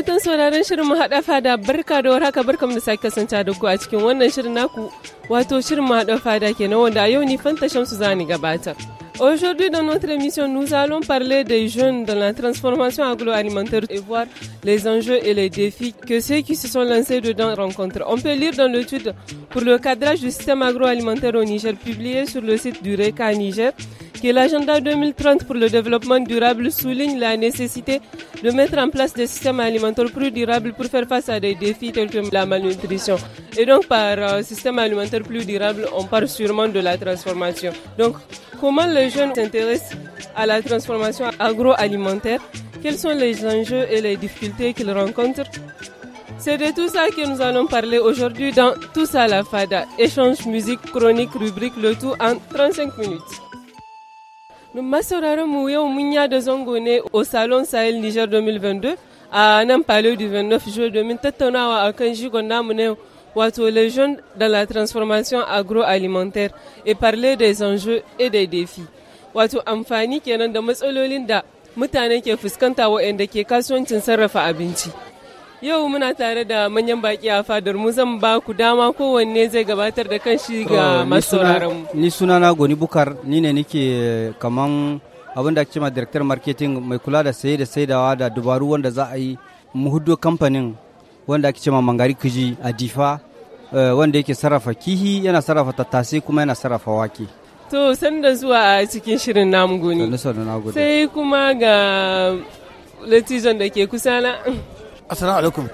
Aujourd'hui, dans notre émission, nous allons parler des jeunes dans la transformation agroalimentaire et voir les enjeux et les défis que ceux qui se sont lancés dedans rencontrent. On peut lire dans l'étude pour le cadrage du système agroalimentaire au Niger publié sur le site du RECA Niger que l'agenda 2030 pour le développement durable souligne la nécessité de mettre en place des systèmes alimentaires plus durables pour faire face à des défis tels que la malnutrition. Et donc par euh, système alimentaire plus durable, on parle sûrement de la transformation. Donc comment les jeunes s'intéressent à la transformation agroalimentaire Quels sont les enjeux et les difficultés qu'ils rencontrent c'est de tout ça que nous allons parler aujourd'hui dans tout à la Fada. Échange, musique, chronique, rubrique, le tout en 35 minutes. Masauraran mu yau mun yada zango ne au Salon Sahel Niger 2022 a nan Palo du 29 Juin domin tattaunawa akan jigon namu ne wato les jeunes de la transformation agroalimentaire et parler des enjeux et des défis. Wato amfani kenan da matsalolin da mutane ke fuskanta waɗanda ke kasuwancin sarrafa abinci. Yau muna tare da manyan baki a fadar mu zan ba ku dama kowanne zai gabatar da kanshi ga masu mu. Ni suna na Goni Bukar ni ne nike eh, kaman abin da ake ma director marketing mai kula da saye da saidawa da dubaru wanda za a yi muhuddo kamfanin wanda ake ma mangari kiji a difa eh, wanda yake sarrafa kihi yana sarrafa tattase kuma yana sarrafa wake. To sanda zuwa a cikin shirin namu goni. Sai kuma ga latijan da ke kusa na. assalamu alaikum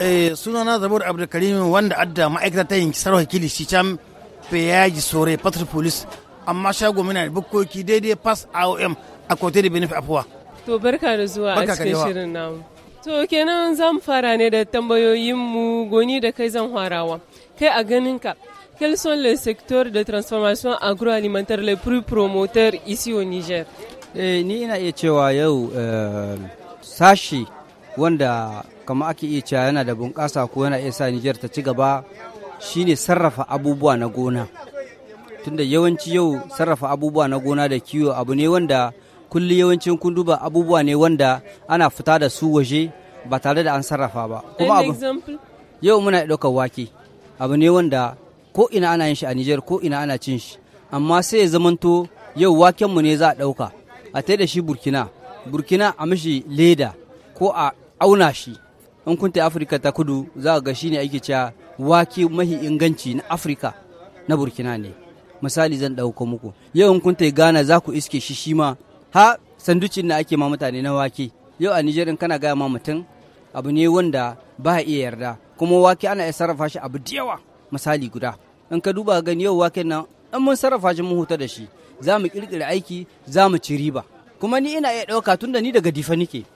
eh na zabur abdulkarim wanda adda ma'aikata ta yin sarwa shi can yaji sore patrol police amma shago muna da bukkoki daidai pass aom a kote da benefit afuwa to barka da zuwa a cikin shirin namu to kenan za mu fara ne da tambayoyin mu goni da kai zan harawa kai a ganin ka quels sont les secteurs de transformation agroalimentaire les plus promoteurs ici au Niger eh ni ina iya cewa yau eh, sashi wanda kamar ake iya cewa yana da bunƙasa ko yana iya sa Nijar ta ci gaba shine sarrafa abubuwa na gona tunda yawanci yau sarrafa abubuwa na gona da kiwo abu ne wanda kulli yawancin kun duba abubuwa ne wanda ana fita da su waje ba tare da an sarrafa ba kuma abu yau muna ɗaukar wake abu ne wanda ko ina ana yin shi a Nijar ko ina ana cin shi amma sai ya zamanto yau waken mu ne za a ɗauka a tai da shi Burkina Burkina a mishi leda ko a auna shi in kunta afirka ta kudu za ga shine ake cewa wake mahi inganci na afirka na burkina ne misali zan ɗauko muku yau in kunta ghana za ku iske shi shi ma ha sanducin na ake ma mutane na wake yau a nijar in kana gaya ma mutum abu ne wanda ba iya yarda kuma wake ana iya sarrafa shi abu da yawa misali guda in ka duba gani yau wake nan in mun sarrafa shi mun huta da shi za mu kirkira aiki za mu ci riba kuma ni ina iya ɗauka tun da ni daga difa nike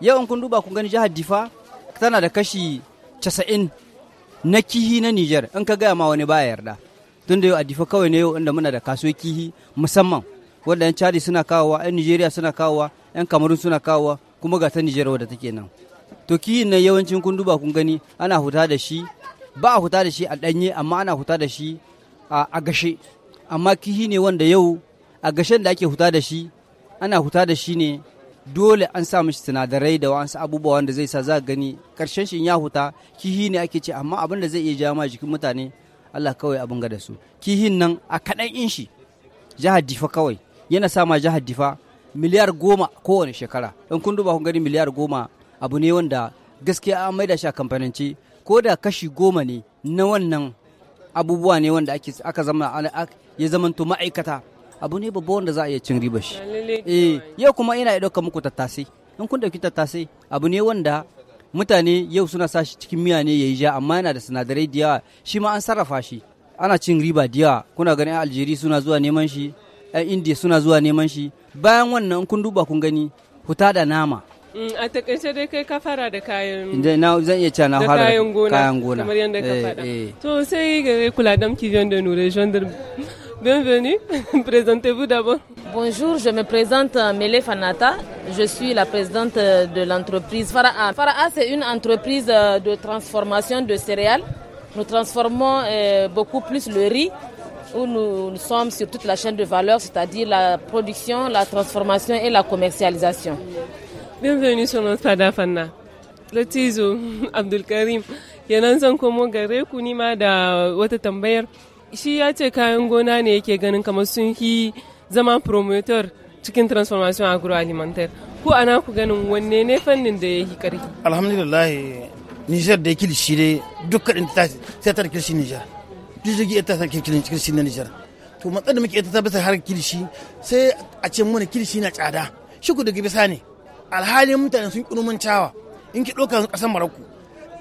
yau in kun duba kun gani jihar difa tana da kashi casa'in na kihi na Nijar in ka gaya ma wani baya yarda tun da yau adifa kawai ne yau inda muna da kasuwar kihi musamman wanda 'yan Chadi suna kawowa 'yan Nijeriya suna kawowa 'yan Kamarun suna kawowa kuma ga ta Nijar wadda take nan to kihin nan yawancin kun duba kun gani ana huta da shi ba a huta da shi a ɗanye amma ana huta da shi a gashe amma kihi ne wanda yau a gashen da ake huta da shi ana huta da shi ne dole an sa mishi sinadarai da wasu abubuwa wanda zai sa za gani karshen shi ya huta kihi ne ake ce amma abin da zai iya jama jikin mutane Allah kawai abin ga da su kihin nan a kaɗan in shi jihar difa kawai yana sama jihar difa miliyar goma kowane shekara in kun duba kun gani miliyar goma abu ne wanda gaskiya an maida shi a kamfananci ko da kashi goma ne na wannan abubuwa ne wanda aka zama ya zamanto ma'aikata abu ne babba wanda za a iya cin riba shi eh yau kuma ina ya ɗauka muku tattasai in kun ɗauki tattasai abu ne wanda mutane yau suna sa shi cikin miya ne ya yi ja amma yana da sinadarai da yawa shi ma an sarrafa shi ana cin riba da yawa kuna ganin aljeri suna zuwa neman shi 'yan indiya suna zuwa neman shi bayan wannan in kun duba kun gani huta da nama mm, a takaice dai kai ka fara da kayan na zan iya cewa na fara da kayan gona kamar yadda ka eh, fara eh. to sai ga kula damki jan da nure jan Bienvenue. Présentez-vous d'abord. Bonjour, je me présente euh, Mele Fanata. Je suis la présidente euh, de l'entreprise Faraha. Faraha c'est une entreprise euh, de transformation de céréales. Nous transformons beaucoup plus le riz où nous, sommes sur toute la chaîne de valeur, c'est-à-dire la production, la transformation et la commercialisation. Bienvenue sur notre Fadafana. Latizo Abdul Karim, da shi ya ce kayan gona ne yake ganin kamar sun fi zama promoter cikin transformation agroalimentaire ko ana ku ganin wanne ne fannin da ya yi karfi alhamdulillah nijar da yake shi dai dukkan ta sai ta kilishi duk jirgi ta san ta kilishi na nijar to matsar da muke ita ta bisa har kirshi sai a ce mana kirshi na tsada shi ku daga bisa ne alhalin mutane sun kulumancawa in ki doka kasan marokko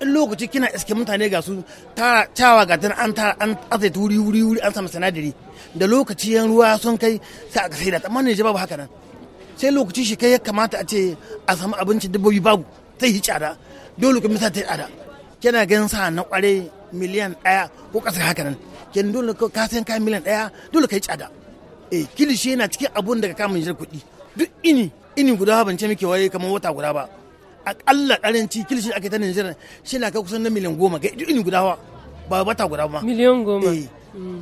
in lokaci kina iske mutane ga su tara cawa ga tana an tara an azaita wuri wuri wuri an samu sinadari da lokaci yan ruwa sun kai sai aka sai da amma ne babu haka nan sai lokaci shi kai ya kamata a ce a samu abincin dabbobi babu sai yi tsada dole ka misa ta yi tsada kina ganin sa na kware miliyan daya ko kasa haka nan kin dole ka san kai miliyan daya dole kai tsada eh kilishi yana cikin abun daga kama jir kuɗi duk ini ini guda ban ce muke waye kamar wata guda ba akalla karanci kilishi ake ta Nijar shi na kai kusan na miliyan goma ga guda ba guda ba miliyan goma eh. hmm.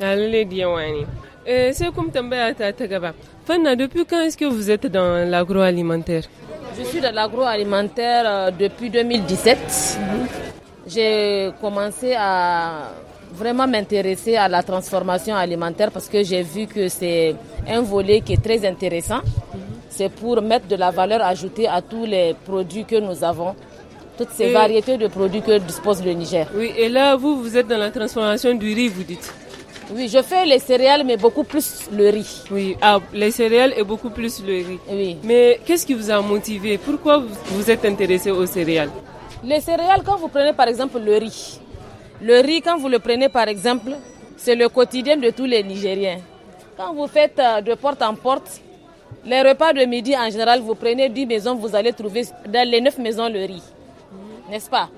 a ah, lalle da yawa ne eh, sai tambaya ta ta gaba fanna depuis quand est-ce que vous êtes dans l'agroalimentaire je suis dans l'agroalimentaire euh, depuis 2017 mhm. j'ai commencé à vraiment m'intéresser à la transformation alimentaire parce que j'ai vu que c'est un volet qui est très intéressant mhm c'est pour mettre de la valeur ajoutée à tous les produits que nous avons toutes ces variétés de produits que dispose le Niger. Oui, et là, vous, vous êtes dans la transformation du riz, vous dites Oui, je fais les céréales, mais beaucoup plus le riz. Oui, ah, les céréales et beaucoup plus le riz. Oui. Mais qu'est-ce qui vous a motivé Pourquoi vous êtes intéressé aux céréales Les céréales, quand vous prenez par exemple le riz, le riz, quand vous le prenez par exemple, c'est le quotidien de tous les Nigériens. Quand vous faites euh, de porte en porte, les repas de midi, en général, vous prenez 10 maisons, vous allez trouver dans les 9 maisons le riz. N'est-ce pas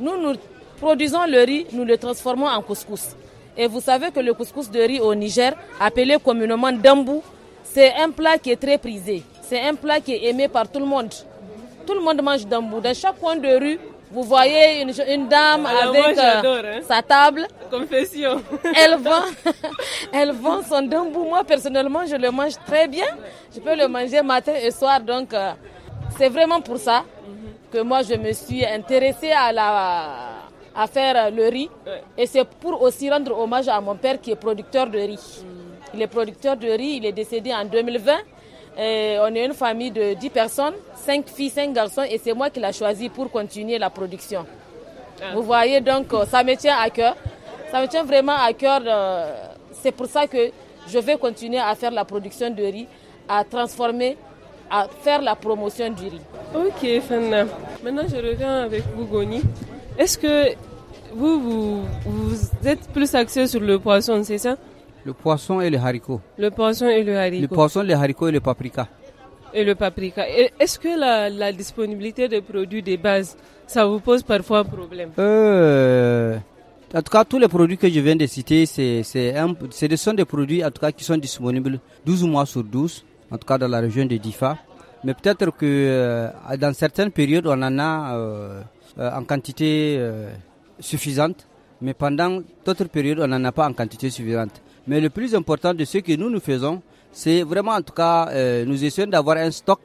Nous, nous produisons le riz, nous le transformons en couscous. Et vous savez que le couscous de riz au Niger, appelé communément dambou, c'est un plat qui est très prisé. C'est un plat qui est aimé par tout le monde. Tout le monde mange dambou. Dans chaque coin de rue, vous voyez une, dame avec euh, hein. sa table. Confession. Elle vend, elle vend son dambou. Moi, personnellement, je le mange très bien. Je peux le manger matin et soir. Donc, euh, c'est vraiment pour ça que moi, je me suis intéressée à la à faire le riz. Et c'est pour aussi rendre hommage à mon père qui est producteur de riz. Mm. Il est producteur de riz, il est décédé en 2020 on est une famille de 10 personnes, 5 filles, 5 garçons, et c'est moi qui l'ai choisi pour continuer la production. Ah. Vous voyez, donc euh, ça me tient à cœur. Ça me tient vraiment à cœur. Euh, c'est pour ça que je vais continuer à faire la production de riz, à transformer, à faire la promotion du riz. Ok, Fanna. Maintenant, je reviens avec vous, Goni. Est-ce que vous, vous, vous êtes plus axé sur le poisson, c'est ça le poisson et le haricot. Le poisson et le haricot. Le poisson, le haricot et le paprika. Et le paprika. Est-ce que la, disponibilité des produits de base, ça vous pose parfois problème euh, En tout cas, tous les produits que je viens de citer, ce sont des produits en tout cas, qui sont disponibles 12 mois sur 12, en tout cas dans la région de Difa. Mais peut-être que euh, dans certaines périodes, on en a euh, en quantité suffisante, mais pendant d'autres périodes, on n'en a pas en quantité suffisante. Mais le plus important de ce que nous nous faisons, c'est vraiment en tout cas, euh, nous essayons d'avoir un stock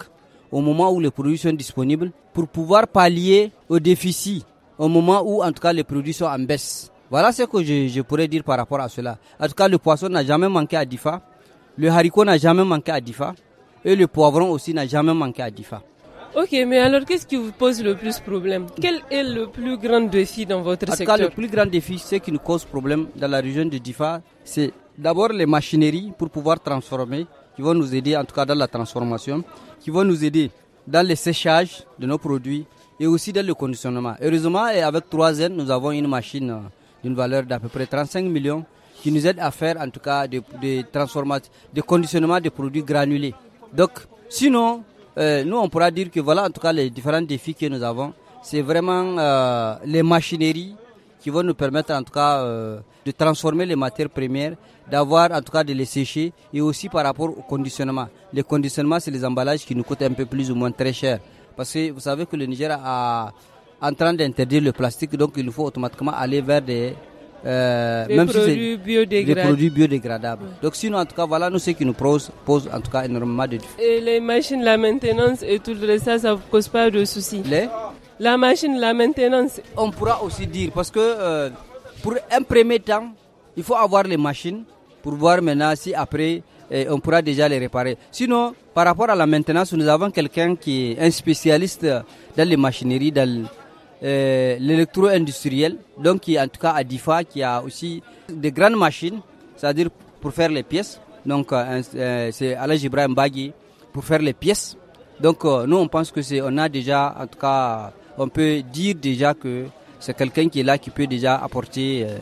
au moment où les produits sont disponibles pour pouvoir pallier au déficit au moment où en tout cas les produits sont en baisse. Voilà ce que je, je pourrais dire par rapport à cela. En tout cas, le poisson n'a jamais manqué à Difa, le haricot n'a jamais manqué à Difa et le poivron aussi n'a jamais manqué à Difa. Ok, mais alors qu'est-ce qui vous pose le plus problème Quel est le plus grand défi dans votre secteur En tout cas, le plus grand défi, ce qui nous cause problème dans la région de Difa, c'est d'abord les machineries pour pouvoir transformer, qui vont nous aider en tout cas dans la transformation, qui vont nous aider dans le séchage de nos produits et aussi dans le conditionnement. Heureusement, et avec 3N, nous avons une machine euh, d'une valeur d'à peu près 35 millions qui nous aide à faire en tout cas des, transformations, des conditionnements de produits granulés. Donc, sinon, euh, nous on pourra dire que voilà en tout cas les différents défis que nous avons. C'est vraiment euh, les machineries qui vont nous permettre en tout cas de transformer les matières premières d'avoir en tout cas de les sécher et aussi par rapport au conditionnement. Les conditionnements, c'est les emballages qui nous coûtent un peu plus ou moins très cher. Parce que vous savez que le Niger a, en train d'interdire le plastique, donc il faut automatiquement aller vers des, euh, des même produits biodégradables. Donc sinon, en tout cas, voilà nous ce qui nous pose, en tout cas énormément de difficultés. Et les machines, la maintenance et tout le reste, ça, ne vous cause pas de soucis les? La machine, la maintenance. On pourra aussi dire, parce que euh, pour un premier temps, il faut avoir les machines pour voir maintenant si après eh, on pourra déjà les réparer. Sinon, par rapport à la maintenance, nous avons quelqu'un qui est un spécialiste dans les machineries, dans eh, l'électro-industriel, donc qui en tout cas à DIFA, qui a aussi des grandes machines, c'est-à-dire pour faire les pièces. Donc euh, eh, c'est Alaj Ibrahim Bagui pour faire les pièces. Donc euh, nous on pense que c'est, on a déjà, en tout cas, on peut dire déjà que c'est quelqu'un qui est là qui peut déjà apporter euh,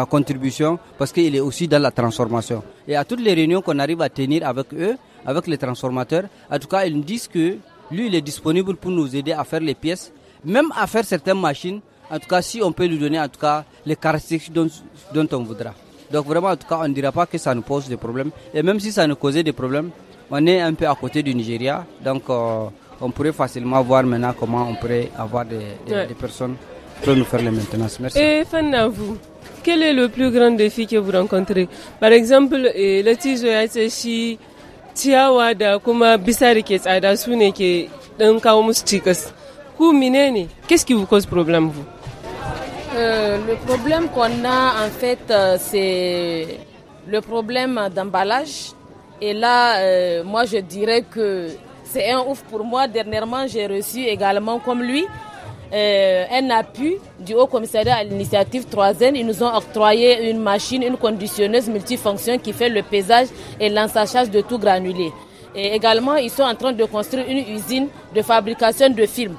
sa contribution, parce qu'il est aussi dans la transformation. Et à toutes les réunions qu'on arrive à tenir avec eux, avec les transformateurs, en tout cas, ils nous disent que lui, il est disponible pour nous aider à faire les pièces, même à faire certaines machines, en tout cas, si on peut lui donner, en tout cas, les caractéristiques dont, dont on voudra. Donc vraiment, en tout cas, on ne dira pas que ça nous pose des problèmes. Et même si ça nous causait des problèmes, on est un peu à côté du Nigeria, donc... Euh, on pourrait facilement voir maintenant comment on pourrait avoir des, des personnes pour nous faire les maintenances. Merci. Et Fanna, vous, quel est le plus grand défi que vous rencontrez Par exemple, le tige ya ce da kuma bisa tsada Qu'est-ce qui vous cause problème vous euh, le problème qu'on a en fait, euh, c'est le problème d'emballage. Et là, euh, moi, je dirais que c'est un ouf pour moi. Dernièrement, j'ai reçu également comme lui euh, un appui du Haut Commissariat à l'initiative 3N. Ils nous ont octroyé une machine, une conditionneuse multifonction qui fait le pesage et l'ensachage de tout granulé. Et également, ils sont en train de construire une usine de fabrication de films.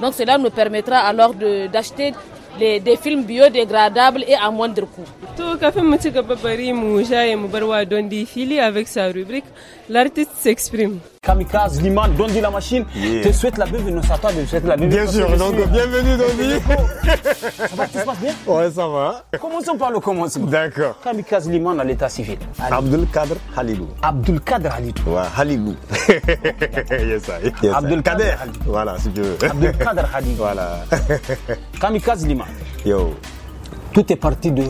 Donc cela nous permettra alors d'acheter des films biodégradables et à moindre coût. Tout le café avec sa rubrique l'artiste s'exprime. Kamikaze, Liman, Dondi la machine. Te souhaite la bienvenue. à toi te souhaite la bienvenue. Bien sûr, donc bienvenue Dondi. ça va, tout se passe bien Ouais, ça va. Commençons par le commencement. D'accord. Kamikaze Liman à l'état civil. Abdul Kader Halilou. Abdul Kader Halilou. Ouais, Halilou. yes, Yes, Abdul Kader Halilou. Voilà, si tu veux. Abdul Kader Halilou. Voilà. Kamikaze Liman. Yo. Tout est parti de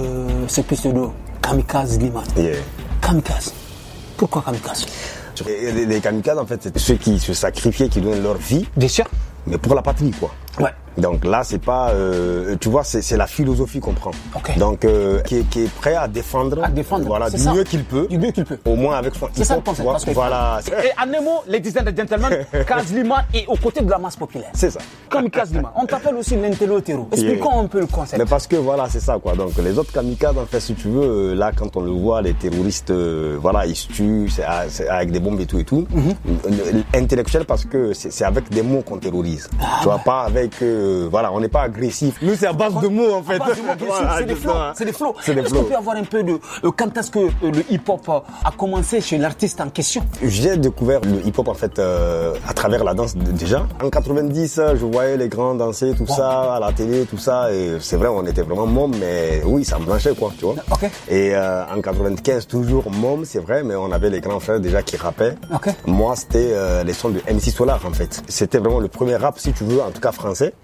ce pseudo Kamikaze Liman. Yeah. Kamikaze. Pourquoi Kamikaze et les, les kamikazes, en fait, c'est ceux qui se sacrifiaient, qui donnent leur vie. Bien sûr. Mais pour la patrie, quoi. Ouais. Donc là, c'est pas, euh, tu vois, c'est la philosophie qu'on prend. Donc euh, qui, est, qui, est, prêt à défendre, du mieux qu'il peut, du mieux qu'il peut. Au moins avec son. C'est ça le concept. voilà. Et en un mot, les dizaines de gentlemen, Kazlima est aux côtés de la masse populaire. C'est ça. Comme Lima on t'appelle aussi lintello explique Expliquons yeah. un peu le concept. Mais parce que voilà, c'est ça quoi. Donc les autres kamikazes, en fait, si tu veux, euh, là quand on le voit, les terroristes, voilà, ils se tuent avec des bombes et tout et tout. Mhm. Intellectuel parce que c'est avec des mots qu'on terrorise. Ah tu vois pas avec voilà, on n'est pas agressif. Nous, c'est à base de mots en fait. C'est des flots. C'est des flots. Est-ce qu'on peut avoir un peu de euh, quand est-ce que euh, le hip-hop euh, a commencé chez l'artiste en question J'ai découvert le hip-hop en fait à travers la danse déjà. En 90, je voyais les grands danser tout ça à la télé, tout ça et c'est vrai, on était vraiment môme, mais oui, ça me blanchait quoi, tu vois. Et en 95, toujours môme, c'est vrai, mais on avait les grands frères déjà qui rappaient. Moi, c'était les sons de MC Solar en fait. C'était vraiment le premier rap, si tu veux, en tout cas français.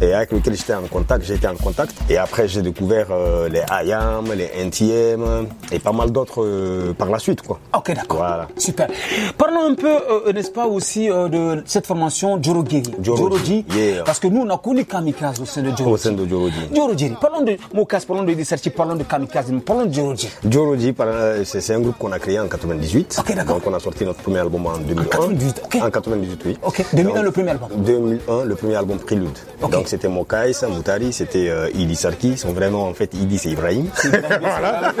Et avec lequel j'étais en contact, j'étais en contact. Et après, j'ai découvert euh, les IAM, les NTM et pas mal d'autres euh, par la suite. Quoi. Ok, d'accord. Super. Parlons un peu, euh, n'est-ce pas, aussi de cette formation Diorogiri Parce que nous, on a connu Kamikaze au sein de Diorogiri Au sein de Parlons de Mokas, parlons de Disserti, parlons de Kamikaze, parlons de Diorogiri c'est un groupe qu'on a créé en 98. Donc, on a sorti notre premier album en 2001. En 98, oui. Ok. 2001, le premier album. 2001, le premier album Prélude. Donc c'était Mokai, Moutari, c'était euh, Idi Sarki, sont vraiment en fait Idi c'est Ibrahim. voilà.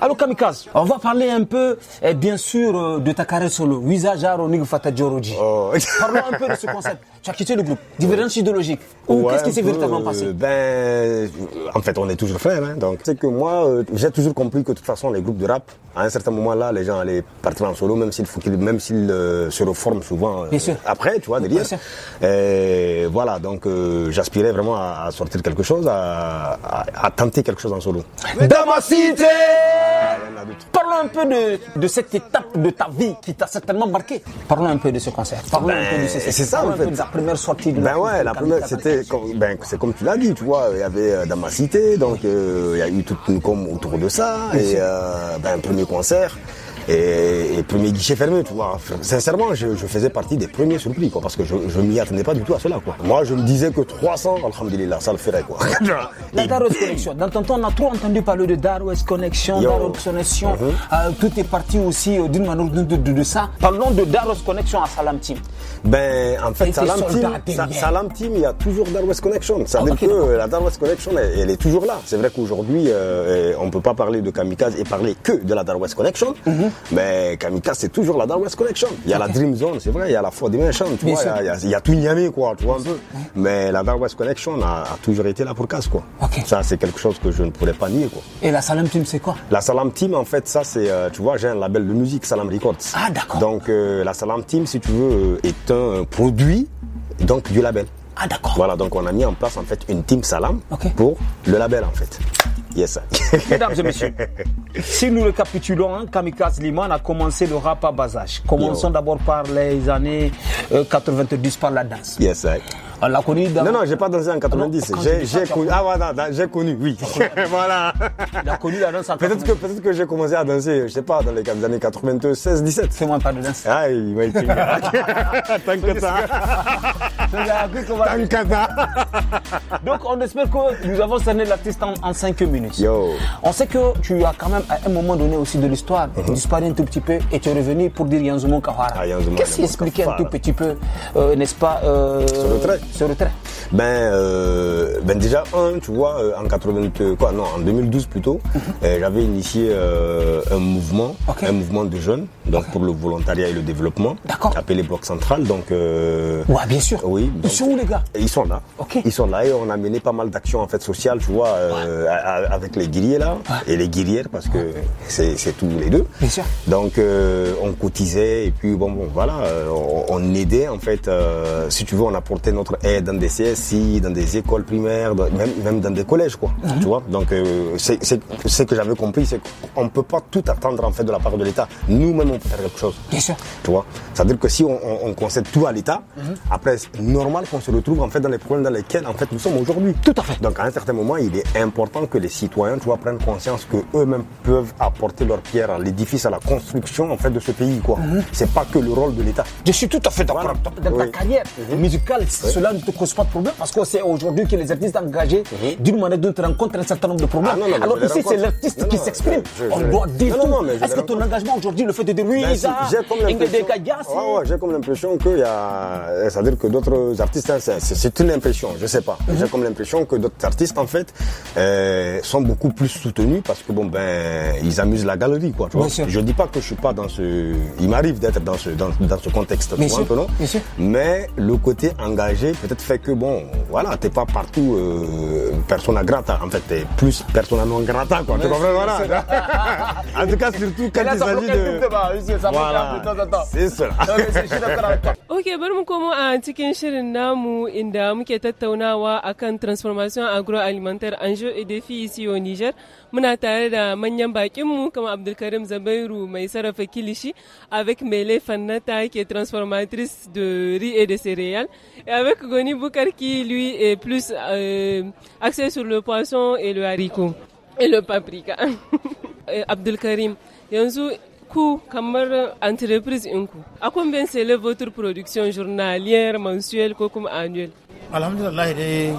Alors Kamikaze, on va parler un peu et eh, bien sûr euh, de ta carrière solo, Wiza Jaro Fata oh. Parlons un peu de ce concept tu as quitté le groupe. Divergence idéologique. Ou qu'est-ce qui s'est véritablement passé euh, Ben, en fait, on est toujours frères. Hein, donc, c'est que moi, euh, j'ai toujours compris que de toute façon, les groupes de rap, à un certain moment là, les gens allaient partir en solo, même s'ils même s'ils euh, se reforment souvent. Après, tu vois, derrière. Et voilà, donc j'aspirais vraiment à, sortir quelque chose, à, tenter quelque chose en solo. Dans ma cité. Parlons un peu de, cette étape de ta vie qui t'a certainement marqué. Parlons un peu de ce concert. Parlons un peu de ben, ce. C'est ça, en fait première sortie Ben ouais, la première, c'était, ben, c'est comme tu l'as dit, tu vois, il y avait euh, dans ma cité, donc euh, il y a eu tout une com autour de ça, et euh, ben, un premier concert et, et premier guichet fermé, tu vois. Sincèrement, je, faisais partie des premiers surpris, quoi, parce que je, ne m'y attendais pas du tout à cela, quoi. Moi, je me disais que 300, alhamdulillah, ça le ferait, quoi. La Daros Connection, dans ton temps, on a trop entendu parler de Daros Connection, Connection, tout est parti aussi euh, d'une manière ou de, autre, de, ça. Parlons de Daros Connection à Salam Team. Ben, en fait, Salam Team, Salam il y a toujours Darwest Connection. Ça ah, veut dire que euh, la Darwest Connection, elle, est toujours là. C'est vrai qu'aujourd'hui, euh, on ne peut pas parler de Kamikaze et parler que de la Darwest Connection. Mhm. Mais Kamikaze, c'est toujours la Dark West Connection. Il y a la Dream Zone, c'est vrai, il y a la Ford Dimension, tu vois, il y, a, y, a tout quoi, tu vois un peu. Mais la Dark West Connection a, toujours été là pour Casse, quoi. Ça, c'est quelque chose que je ne pourrais pas nier, quoi. Et la Salam Team, c'est quoi La Salam Team, en fait, ça, c'est, euh, tu vois, j'ai un label de musique, Salam Records. Ah, d'accord. Donc, euh, la Salam Team, si tu veux, euh, est un produit, donc, du label. Ah, d'accord. Voilà, donc on a mis en place, en fait, une Team Salam pour le label, en fait. Yes, Mesdames et messieurs, si nous récapitulons, hein, Kamikaze Liman a commencé le rap à bas âge. Commençons d'abord par les années 90, euh, par la danse. Yes, On l'a connu dans... Non, non, j'ai pas dansé en 90. Ah j'ai connu. Ah, voilà, j'ai connu, oui. voilà. Peut-être que, peut que j'ai commencé à danser, je sais pas, dans les années 96, 16, 17. C'est moi pas de danse. Ah, Tant que ça. Tant que ça. Donc, on espère que nous avons cerné l'artiste en, en 5 minutes. On sait que tu as quand même, à un moment donné aussi de l'histoire, mhm. disparu un tout petit peu et tu es revenu pour dire Yanzumo Kawara. Ah, Qu'est-ce qui expliquait un tout petit peu, euh, n'est-ce pas, euh, ce retrait. Ce retrait ben, euh, ben déjà un, tu vois, euh, en 80, quoi, non, en 2012 plutôt, mhm. euh, j'avais initié un mouvement, un mouvement de jeunes, donc pour le volontariat et le développement, appelé Bloc Central. Donc, ouais, bien sûr. Oui. Donc, ils sont où les gars Ils sont là. Ils sont là et on a mené pas mal d'actions en fait sociales, tu vois, avec les guerriers là et les guerrières parce que c'est tous les deux. Bien sûr. Donc on cotisait et puis bon, bon voilà, on, aidait en fait. si tu veux, on apportait notre aide dans des dans des écoles primaires, même, dans des collèges, quoi. Ah. Tu vois Donc, euh, c'est ce que j'avais compris, c'est qu'on ne peut pas tout attendre, en fait, de la part de l'État. Nous-mêmes, on peut faire quelque chose. Bien sûr. C'est-à-dire que si on, concède tout à l'État, mhm. après, c'est normal qu'on se retrouve, en fait, dans les problèmes dans lesquels, en fait, nous sommes aujourd'hui. Tout à fait. Donc, à un certain moment, il est important que les citoyens, tu prennent conscience qu'eux-mêmes peuvent apporter leur pierre à l'édifice, à la construction, en fait, de ce pays, quoi. n'est mhm. C'est pas que le rôle de l'État. Je suis tout à fait d'accord. Dans ta carrière mhm. musicale, cela ne te cause pas de problème parce qu'on sait aujourd'hui que les artistes engagés, mhm. d'une manière ou d'une autre, rencontrent un certain nombre de problèmes. Ah, Alors ici, c'est l'artiste qui s'exprime. On Est-ce que ton engagement aujourd'hui, le fait de dire oui, j'ai comme l'impression qu'il y a. C'est-à-dire que d'autres artistes, hein, c'est une impression, je sais pas. Mhm. J'ai comme l'impression que d'autres artistes, en fait, euh, sont beaucoup plus soutenus parce que, bon, ben, ils amusent la galerie, quoi. ne je dis pas que je suis pas dans ce. Il m'arrive d'être dans ce, dans, ce contexte, Mais le côté engagé, peut-être fait que, bon, voilà, t'es pas partout euh, persona grata. En fait, t'es plus persona non grata, quoi. Tu comprends, voilà. en tout cas, surtout quand il s'agit de. Ça voilà. C'est cela. ok, bari mu komo a cikin shirin namu inda muke tattaunawa akan transformation agroalimentaire enjeu et défis ici au Niger muna tare da manyan bakinmu Abdelkarim Abdulkarim Zabairu mai sarrafa kilishi avec Mele Fannata qui est transformatrice de riz et de céréales et avec Goni Boukar qui lui est plus euh, axé sur le poisson et le haricot et le paprika. Abdulkarim, yanzu ku kamar entreprise ɗinku a combien c'est votre production journalière mensuelle ko kuma annuelle alhamdulillah dai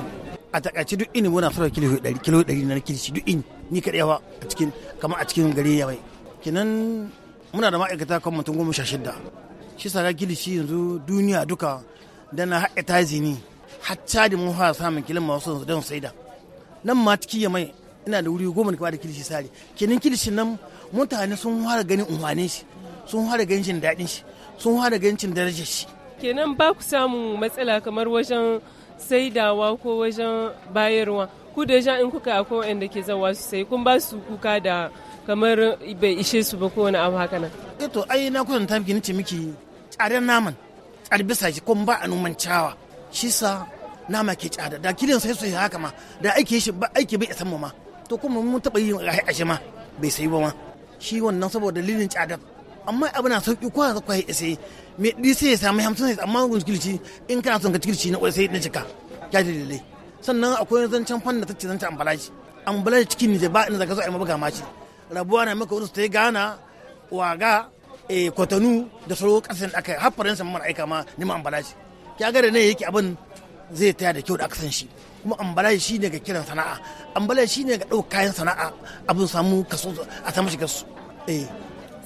a takaice duk ini muna fara kilo 100 kilo 100 na kilishi duk ini ni kaɗai yawa a cikin kamar a cikin gari yawai kenan muna da ma'aikata kan mutum goma sha shida shi sara kilishi yanzu duniya duka da na haɗa tazi ne hatta da mun fara samun kilin masu don saida nan ma ciki ya mai ina da wuri goma da da kilishi sare kenan kilishin nan mutane sun fara ganin umarnin shi sun fara ganin jin daɗin shi sun fara ganin jin darajar shi kenan ba ku samun matsala kamar wajen sai saidawa ko wajen bayarwa ku da in kuka akwai wanda ke zawa su sai kun ba su kuka da kamar bai ishe su ba ko wani abu haka nan. Eh to ai na kusan ta miki miki tsaren naman tsar bisa shi ba a numan cawa shi sa nama ke tsada da kidan sai su haka ma da aiki shi ba aiki bai san mu ma to kuma mun taba yin a shi ma bai sayi ba ma shi wannan saboda dalilin tsadar amma abin na sauki ko za ku haɗe sai me ɗi sai ya samu hamsin sai amma wani kirci in kana son ka kirci na ƙwai sai na cika ya da dalilai sannan akwai zancen fanda da ta ce zancen ambalaji ambalaji cikin nije ba inda zaka zo a yi mabuga maci rabuwa na maka su ta yi gana waga kwatanu eh, da sauro ƙasashen da aka yi har faransa aika ma neman ambalaji ya ga da ne yake abin zai taya da kyau da aka san shi kuma ambalaji shi ne ga kiran sana'a ambalaji shi ne ga ɗaukar kayan sana'a abin samu kaso a samu shiga su eh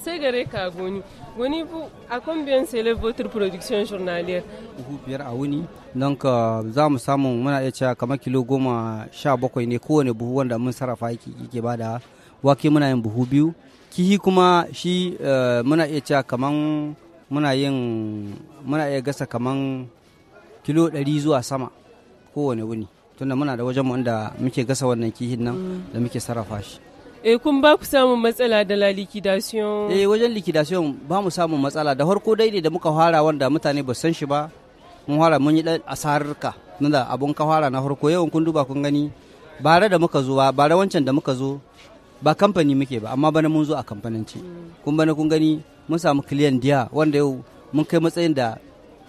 sai gare ka goni goni bu a combien le votre production journalière buhu biyar a wuni don ka za mu samu muna iya cewa kamar kilo goma sha bakwai ne kowane buhu wanda mun sarrafa yake bada wake muna yin buhu biyu kihi kuma shi eh, muna iya cewa kamar muna yin muna iya gasa kamar kilo ɗari zuwa sama kowane wuni tunda muna da wajen inda muke gasa wannan kihin nan mm. da muke sarrafa shi eh kun ba ku samun matsala da la liquidation eh wajen liquidation ba mu samun matsala da harko dai ne da muka fara wanda mutane ba san shi ba mun fara mun yi dan asararka nan da abun ka fara na harko yau kun duba kun gani bare da muka zo ba bare wancan da muka zo ba kamfani muke ba amma bana mun zo a kamfananci kun bana kun gani mun samu client dia wanda yau mun kai matsayin da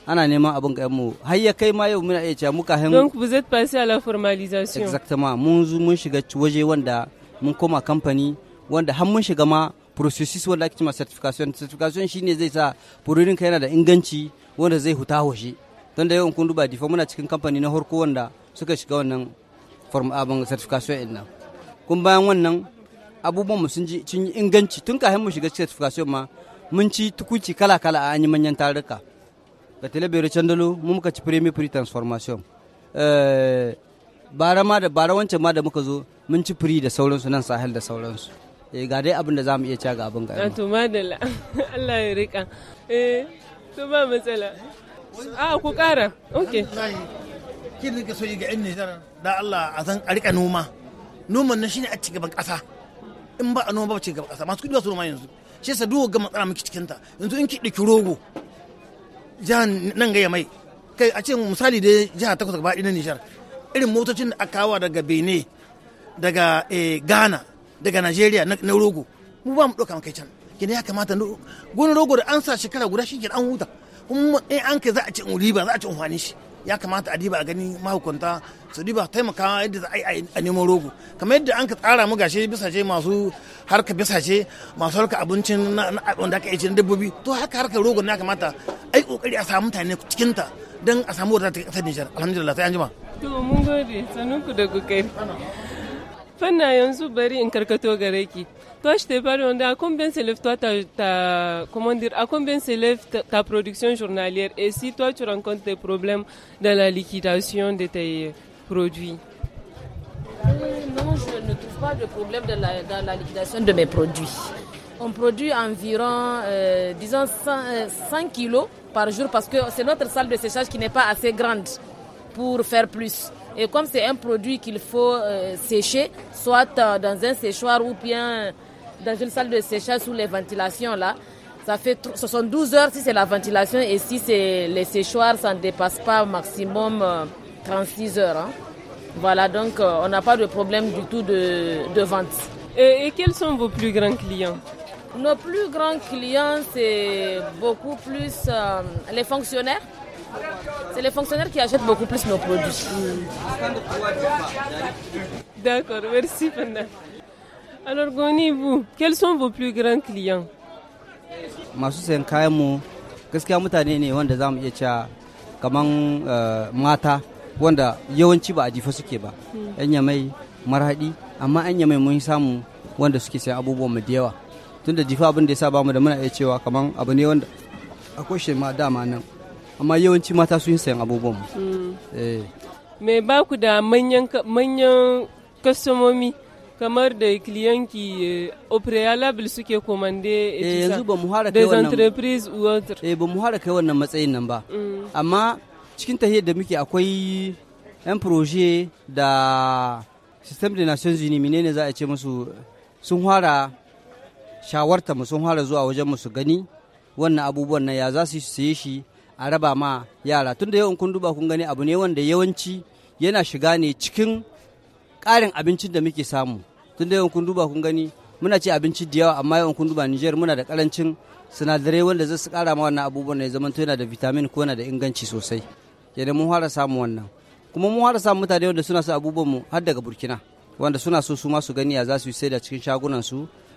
ana neman abin ga mu har ya kai ma yau muna iya cewa muka hin donc vous êtes passé à la formalisation exactement mun zo mun shiga waje wanda mun koma kamfani wanda har mun shiga ma processes wanda ake cewa certification certification shine zai sa fururin yana da inganci wanda zai huta hoshe don da yawan kun duba difa muna cikin kamfani na horko wanda suka shiga wannan form abin certification din nan kun bayan wannan abubuwan mu sun ji cin inganci tun kafin mu shiga certification ma mun ci tukunci kala kala a anyi manyan taruka ga talabere candalo mun muka ci premier pre transformation eh, bara ma da bara wancan ma da muka zo mun ci firi da sauransu nan sahel da sauransu eh ga dai abin da za mu iya ci ga abin ga to madalla Allah ya rika eh to ba matsala a ah, ku kara okay kin rika so yi ga yan Nijar da Allah a san a rika noma noman nan shine a ci gaban kasa in ba a noma ba ci gaban kasa masu kudi ba su noma yanzu shi yasa duk ga matsala miki cikin ta yanzu in ki diki rogo jihar nan ga mai kai a ce misali dai jihar takwas gaba ɗaya na Nijar irin motocin da aka kawo daga benin daga eh, ghana daga nigeria na rogo mu ba mu ɗauka kai can kina ya kamata gona rogo da an sa shekara guda shi an huta kuma in an kai za a ci in riba za a ci in shi ya kamata a diba a gani mahukunta su diba taimakawa yadda za a yi a neman rogo kamar yadda an ka tsara mu gashe bisashe masu harka bisashe masu harka abincin na wanda aka yi dabbobi to haka harka rogo na kamata ai kokari a samu mutane cikinta don a samu wadata kasar déjà. alhamdulillah sai an jima to mun gode sanin ku da yanzu bari in toi je te parle demandé a combien s'élève toi ta, comment dire à combien s'élève ta, ta production journalière et si toi tu rencontres des problèmes dans la liquidation de tes produits euh, non, je ne trouve pas de problème dans la, dans la liquidation de mes produits. On produit environ, euh, disons, 100, 100 euh, kilos par jour parce que c'est notre salle de séchage qui n'est pas assez grande pour faire plus. Et comme c'est un produit qu'il faut euh, sécher, soit euh, dans un séchoir ou bien dans une salle de séchage sous les ventilations là, ça fait 72 heures si c'est la ventilation et si c'est les séchoirs, ça ne dépasse pas maximum 36 euh, heures. Hein. Voilà, donc on n'a pas de problème du tout de, vente. et quels sont vos plus grands clients nos plus grands clients, c'est beaucoup plus euh, les fonctionnaires. C'est les fonctionnaires qui achètent beaucoup plus nos produits. D'accord, merci Fanda. Alors Goni, vous, quels sont vos plus grands clients Ma sayan kayan mu gaskiya mutane ne wanda za mu iya cewa kaman eh, mata wanda yawanci ba a jifa suke ba. Hmm. Yan yamai amma mun samu wanda suke sayan abubuwan mu da tunda jifa abin da ya sa bamu da muna iya cewa kaman abu ne wanda akwai shi ma dama nan amma yawanci mata sun sayan abubuwan mm. eh. Me ba ku da manyan kastomomi kamar da kliyanki eh, au suke komande e eh, yanzu ba mu hara kai wannan entreprise water eh ba mu hara kai wannan matsayin nan ba mm. amma cikin tahiyar da muke akwai yan proje da system de nations unis menene za a ce musu sun hara shawarta mu sun fara zuwa wajen mu su gani wannan abubuwan nan ya za su saye shi a raba ma yara tun da yau kun duba kun gani abu ne wanda yawanci yana shiga ne cikin ƙarin abincin da muke samu tun da yau kun duba kun gani muna ci abinci da yawa amma yau kun duba Niger muna da karancin sinadarai wanda zai su ƙara ma wannan abubuwan ya zama yana da vitamin ko yana da inganci sosai yana mun fara samu wannan kuma mun fara samu mutane wanda suna su abubuwan mu har daga Burkina wanda suna so su ma su gani ya za su yi sai da cikin shagunan su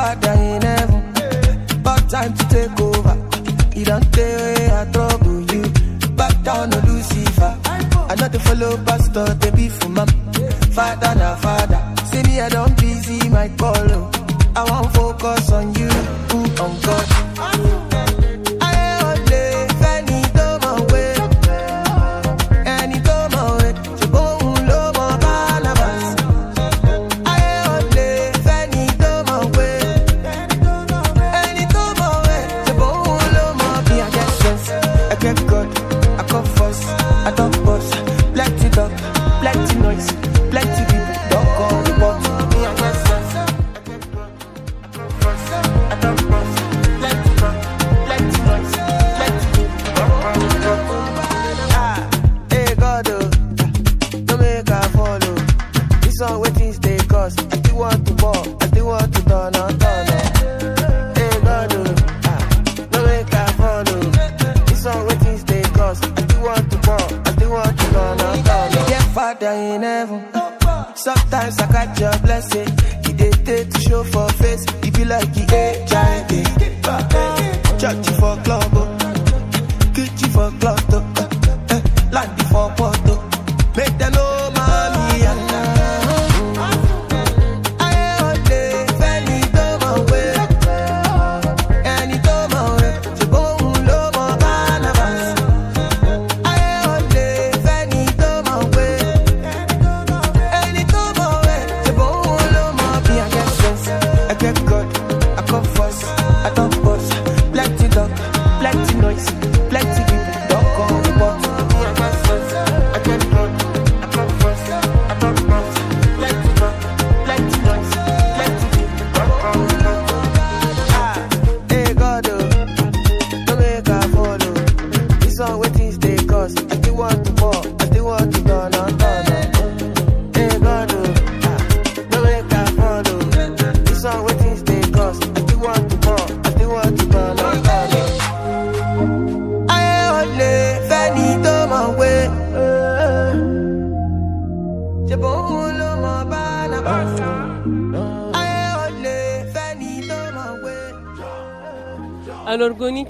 Father in heaven, back time to take over. You don't take I trouble you. Back down on Lucifer. I not to follow pastor, they be for mom. Father na father. See me, I don't busy my call.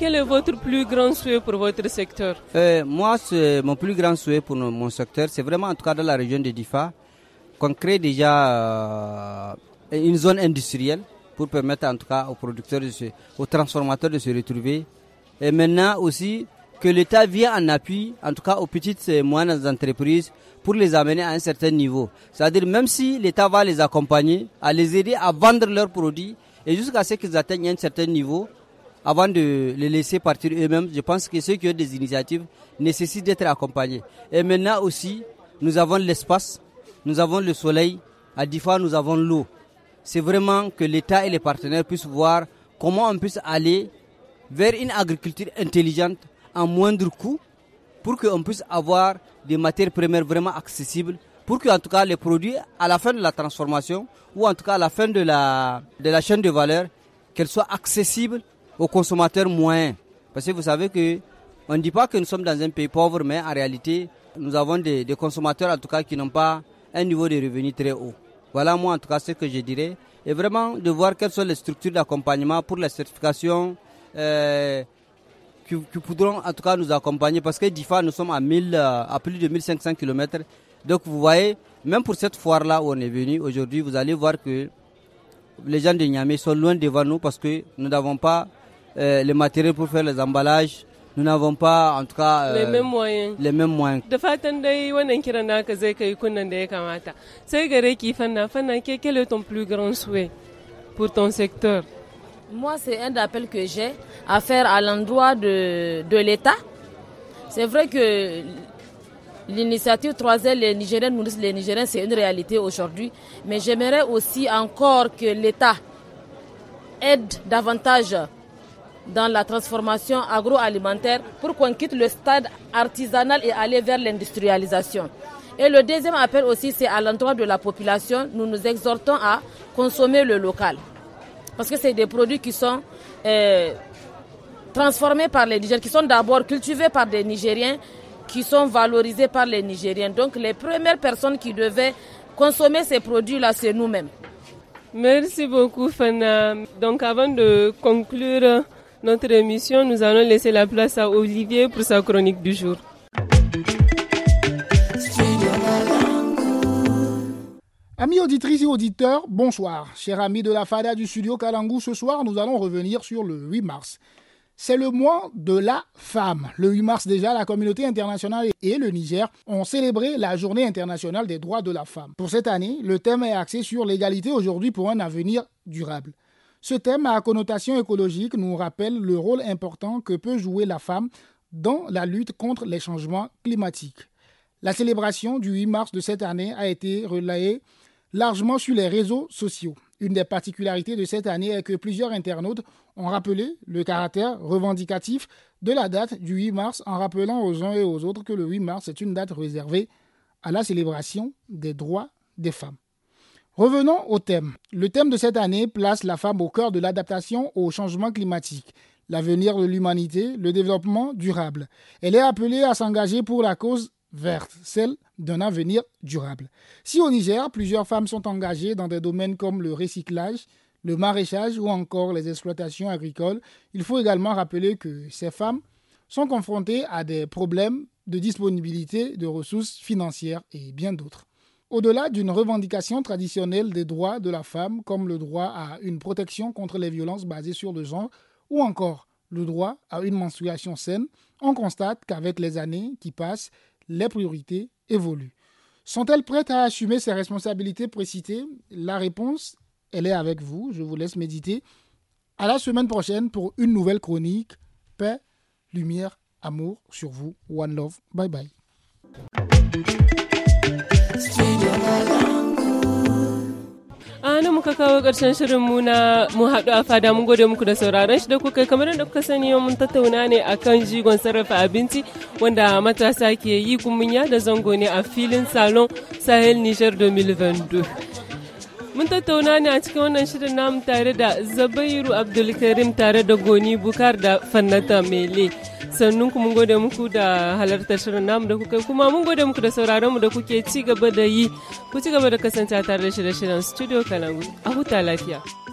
quel est votre plus grand souhait pour votre secteur euh, Moi, mon plus grand souhait pour mon secteur, c'est vraiment, en tout cas dans la région de Difa, qu'on crée déjà euh, une zone industrielle pour permettre en tout cas aux producteurs, de aux transformateurs de se retrouver. Et maintenant aussi que l'État vienne en appui, en tout cas aux petites et moyennes entreprises, pour les amener à un certain niveau. C'est-à-dire même si l'État va les accompagner, à les aider à vendre leurs produits et jusqu'à ce qu'ils atteignent un certain niveau, avant de les laisser partir eux-mêmes, je pense que ceux qui ont des initiatives nécessitent d'être accompagnés. Et maintenant aussi, nous avons l'espace, nous avons le soleil, à Difa, nous avons l'eau. C'est vraiment que l'État et les partenaires puissent voir comment on puisse aller vers une agriculture intelligente à moindre coût pour qu'on puisse avoir des matières premières vraiment accessibles pour que en tout cas les produits à la fin de la transformation ou en tout cas à la fin de la, de la chaîne de valeur qu'elles soient accessibles aux consommateurs moins, Parce que vous savez que on ne dit pas que nous sommes dans un pays pauvre, mais en réalité, nous avons des, consommateurs en tout cas qui n'ont pas un niveau de revenu très haut. Voilà moi en tout cas ce que je dirais. Et vraiment de voir quelles sont les structures d'accompagnement pour la certification euh, qui, pourront en tout cas nous accompagner. Parce que DIFA, nous sommes à, 1000, euh, à plus de 1500 km. Donc vous voyez, même pour cette foire-là où on est venu aujourd'hui, vous allez voir que les gens de Niamey sont loin devant nous parce que nous n'avons pas euh, les matériaux pour faire les emballages. Nous n'avons pas, en tout cas, les, euh, mêmes moyens. les mêmes moyens. quel est ton plus grand souhait pour ton secteur Moi, c'est un appel que j'ai à faire à l'endroit de, l'État. C'est vrai que L'initiative 3L, les Nigériens les Nigériens, c'est une réalité aujourd'hui. Mais j'aimerais aussi encore que l'État aide davantage dans la transformation agroalimentaire pour qu'on quitte le stade artisanal et aller vers l'industrialisation. Et le deuxième appel aussi, c'est à l'endroit de la population, nous nous exhortons à consommer le local. Parce que c'est des produits qui sont euh, transformés par les Nigériens, qui sont d'abord cultivés par des Nigériens, qui sont valorisés par les Nigériens. Donc les premières personnes qui devaient consommer ces produits-là, c'est nous-mêmes. Merci beaucoup, Fana. Donc avant de conclure, notre émission, nous allons laisser la place à Olivier pour sa chronique du jour. Amis auditrices et auditeurs, bonsoir. Chers amis de la FADA du studio Kalangou, ce soir, nous allons revenir sur le 8 mars. C'est le mois de la femme. Le 8 mars déjà, la communauté internationale et le Niger ont célébré la journée internationale des droits de la femme. Pour cette année, le thème est axé sur l'égalité aujourd'hui pour un avenir durable. Ce thème à connotation écologique nous rappelle le rôle important que peut jouer la femme dans la lutte contre les changements climatiques. La célébration du 8 mars de cette année a été relayée largement sur les réseaux sociaux. Une des particularités de cette année est que plusieurs internautes ont rappelé le caractère revendicatif de la date du 8 mars en rappelant aux uns et aux autres que le 8 mars est une date réservée à la célébration des droits des femmes. Revenons au thème. Le thème de cette année place la femme au cœur de l'adaptation au changement climatique, l'avenir de l'humanité, le développement durable. Elle est appelée à s'engager pour la cause verte, celle d'un avenir durable. Si au Niger, plusieurs femmes sont engagées dans des domaines comme le recyclage, le maraîchage ou encore les exploitations agricoles, il faut également rappeler que ces femmes sont confrontées à des problèmes de disponibilité de ressources financières et bien d'autres. Au-delà d'une revendication traditionnelle des droits de la femme, comme le droit à une protection contre les violences basées sur le genre, ou encore le droit à une menstruation saine, on constate qu'avec les années qui passent, les priorités évoluent. Sont-elles prêtes à assumer ces responsabilités précitées La réponse, elle est avec vous. Je vous laisse méditer. À la semaine prochaine pour une nouvelle chronique. Paix, lumière, amour sur vous. One love. Bye bye. nan muka kawo ƙarshen shirin mu na mu haɗu a fada mun gode muku da sauraron shi da kuka kamar da kuka sani mun tattauna ne akan jigon sarrafa abinci wanda matasa ke yi kuma da zango ne a filin salon sahel niger 2022 mun tattauna ne a cikin wannan shirin namu tare da zabairu abdulkarim tare da goni bukar da fannata mele sannunku mun gode muku da halartar shirin namu da kuka kuma mun gode muku da sauraron mu da kuke ci gaba da yi ku ci gaba da kasance tare da shirye-shiryen studio kalangu a huta lafiya